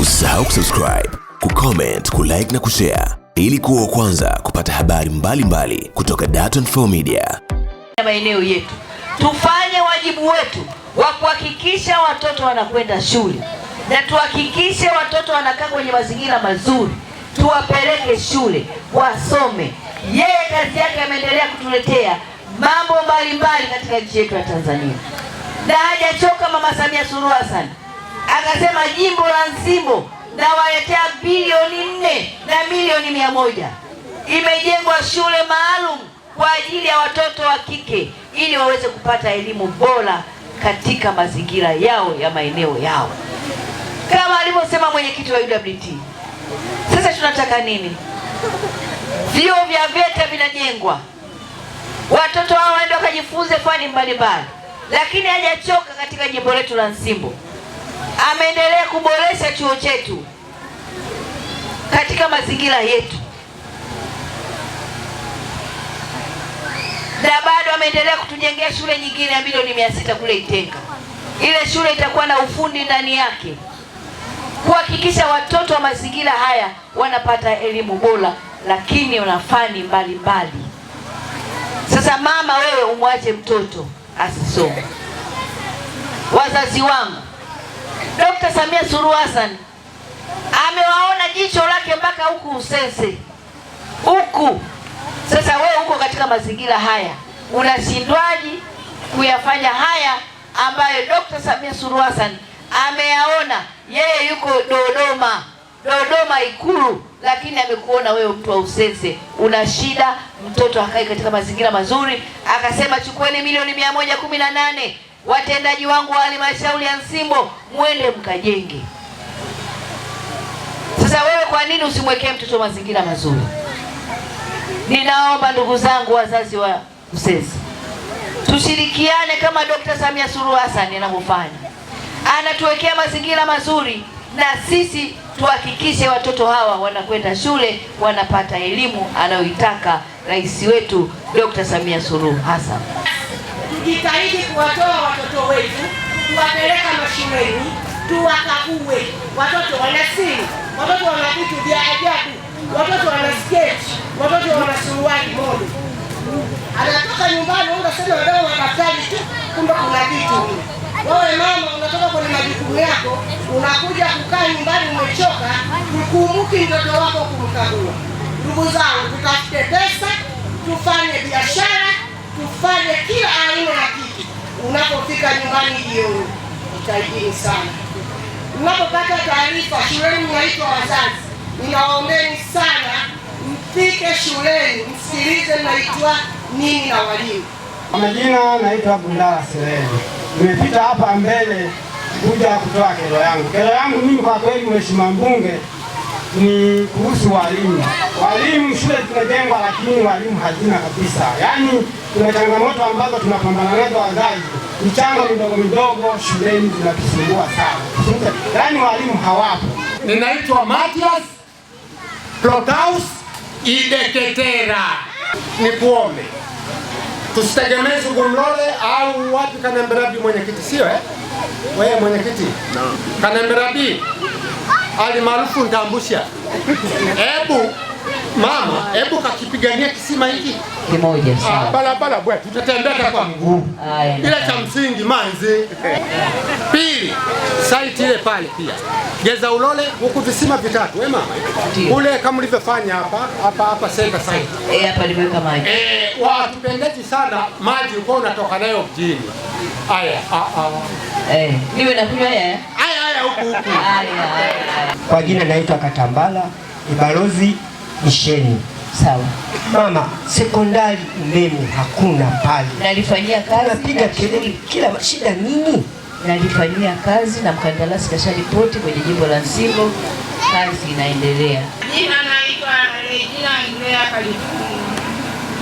Usisahau kusubscribe, kucomment, kulike na kushare ili kuwa kwanza kupata habari mbalimbali mbali kutoka Dar24 Media. Maeneo yetu tufanye wajibu wetu wa kuhakikisha watoto wanakwenda shule na tuhakikishe watoto wanakaa kwenye mazingira mazuri, tuwapeleke shule wasome. Yeye kazi yake ameendelea kutuletea mambo mbalimbali katika nchi yetu ya Tanzania na hajachoka Mama Samia Suluhu Hassan akasema jimbo la Nsimbo nawaletea bilioni nne na milioni mia moja. Imejengwa shule maalum kwa ajili ya watoto wa kike ili waweze kupata elimu bora katika mazingira yao ya maeneo yao, kama alivyosema mwenyekiti wa UWT. Sasa tunataka nini? Vyuo vya VETA vinajengwa, watoto hao waende wakajifunze fani mbalimbali, lakini hajachoka katika jimbo letu la Nsimbo ameendelea kuboresha chuo chetu katika mazingira yetu, na bado ameendelea kutujengea shule nyingine ya milioni mia sita kule Itenga. Ile shule itakuwa na ufundi ndani yake kuhakikisha watoto wa mazingira haya wanapata elimu bora, lakini wana fani mbalimbali. Sasa mama, wewe umwache mtoto asisome? Wazazi wangu Dkt. Samia Suluhu Hassan amewaona jicho lake mpaka huku Usense huku. Sasa wewe uko katika mazingira haya, unashindwaji kuyafanya haya ambayo Dkt. Samia Suluhu Hassan ameyaona? Yeye yuko Dodoma, Dodoma Ikulu, lakini amekuona wewe mtu wa Usense una shida, mtoto akae katika mazingira mazuri, akasema chukueni milioni mia moja kumi na nane watendaji wangu wa halmashauri ya Nsimbo, muende mkajenge. Sasa wewe kwa nini usimwekee mtoto mazingira mazuri? Ninaomba ndugu zangu wazazi wa usezi tushirikiane kama Dokta Samia Suluhu Hassan anavyofanya, anatuwekea mazingira mazuri na sisi tuhakikishe watoto hawa wanakwenda shule wanapata elimu anayoitaka rais wetu Dokta Samia Suluhu Hassan tujitahidi kuwatoa watoto wetu, kuwapeleka mashuleni, tuwakague. Watoto wana simu, watoto wana vitu vya ajabu, watoto wana sketi, watoto wana suruali moja. Anatoka nyumbani, unasema wadogo madaftari tu, kumbe kuna vitu wewe mama unatoka kwenye majukumu yako, unakuja kukaa nyumbani umechoka, mkumbuki mtoto wako kumkagua. Ndugu zangu, tutafute pesa, tufanye biashara, tufanye kila unapofika nyumbani jioni, jitahidini sana. Unapopata taarifa shuleni mnaitwa wazazi, ninawaombeni sana mfike shuleni msikilize mnaitwa nini na walimu. Majina naitwa Bundala Sereni, nimepita hapa mbele kuja kutoa kero yangu. Kero yangu mimi kwa kweli, mheshimiwa mbunge ni kuhusu walimu. Walimu shule zimejengwa, lakini walimu hazina kabisa. Yaani kuna changamoto ambazo tunapambana nazo wazazi, michango midogo midogo shuleni zinatusumbua sana, yaani walimu hawapo. Ninaitwa Matias Plotaus Ideketera, nikuombe tusitegemee Zugumlole au watu Kanembe mwenyekiti sio eh? Wewe mwenyekiti no. Kanembe alimaarufu Ndambusha. Hebu mama, hebu kakipigania kisima hiki kimoja ah, sawa. Barabara bwana, tutatembea kwa mguu. Bila cha msingi manzi. Pili, site ile pale pia. Geza ulole huku visima vitatu, eh mama. Ule kama ulivyofanya hapa hapa hapa center site. Eh, hapa limeweka maji. Eh, watupendezi sana maji uko unatoka nayo mjini. Haya, a ah, a. Ah. Eh, niwe nakunywa haya haya haya huku huku. Kwa jina naitwa Katambala Ibalozi Isheni. Sawa. Mama, sekondari umeme hakuna pale. Nalifanyia kazi. Napiga kelele kila shida nini? Nalifanyia kazi na mkandarasi ripoti kwenye jimbo la Nsimbo, kazi inaendelea. Jina naitwa Regina eh, Andrea Kalifu.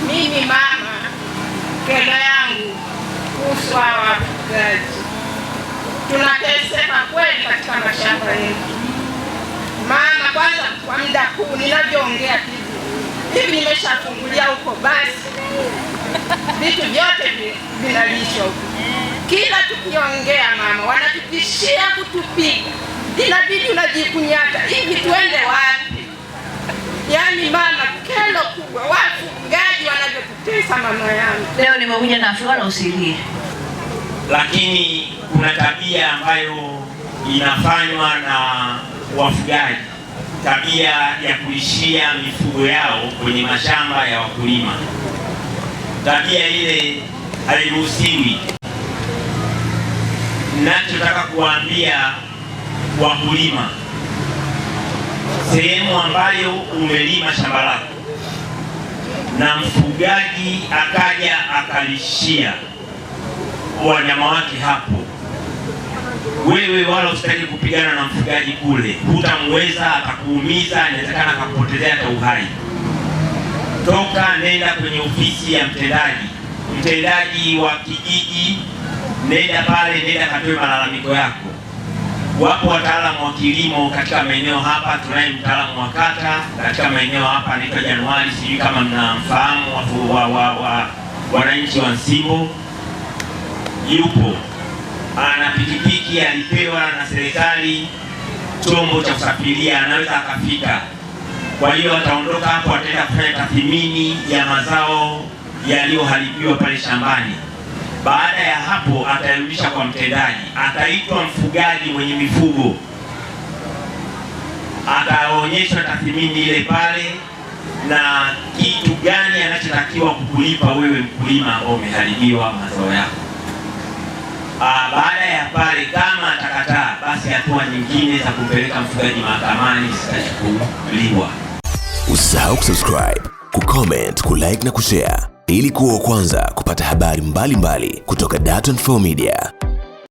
Mimi mama, kenda yangu kuhusu hawa wafugaji tunateseka kweli katika mashamba yetu. Maana kwanza kwa muda huu ninavyoongea hivi hivi, nimeshafungulia huko, basi vitu vyote vinalishwa huko. Kila tukiongea mama, wanatupishia kutupiga, inabidi unajikunyata hivi, tuende wapi? Yaani mama, kelo kubwa wafugaji wanavyotutesa mama yangu. Leo nimekuja na afua na usilie lakini kuna tabia ambayo inafanywa na wafugaji, tabia ya kulishia mifugo yao kwenye mashamba ya wakulima. Tabia ile hairuhusiwi. Ninachotaka kuwaambia wakulima, sehemu ambayo umelima shamba lako na mfugaji akaja akalishia wanyama wake hapo. Wewe wala usitaki kupigana na mfugaji kule, hutamweza, atakuumiza, inawezekana akakupotelea hata uhai. Toka nenda kwenye ofisi ya mtendaji, mtendaji wa kijiji, nenda pale, nenda katoe malalamiko yako. Wapo wataalamu wa kilimo katika maeneo hapa. Tunaye mtaalamu wa kata katika maeneo hapa anaitwa Januari, sijui kama mnamfahamu, wananchi wa Nsimbo yupo ana pikipiki, alipewa na serikali chombo cha kusafiria, anaweza akafika. Kwa hiyo ataondoka hapo, ataenda kufanya tathmini ya mazao yaliyoharibiwa pale shambani. Baada ya hapo, atarudisha kwa mtendaji, ataitwa mfugaji mwenye mifugo, ataonyeshwa tathmini ile pale na kitu gani anachotakiwa kukulipa wewe mkulima ambao umeharibiwa mazao yako. Ah, baada ya pale kama atakataa, basi hatua nyingine za kumpeleka mfugaji mahakamani zitachukuliwa. Usisahau kusubscribe, kucomment, kulike na kushare ili kuwa wa kwanza kupata habari mbalimbali mbali kutoka Dar24 Media.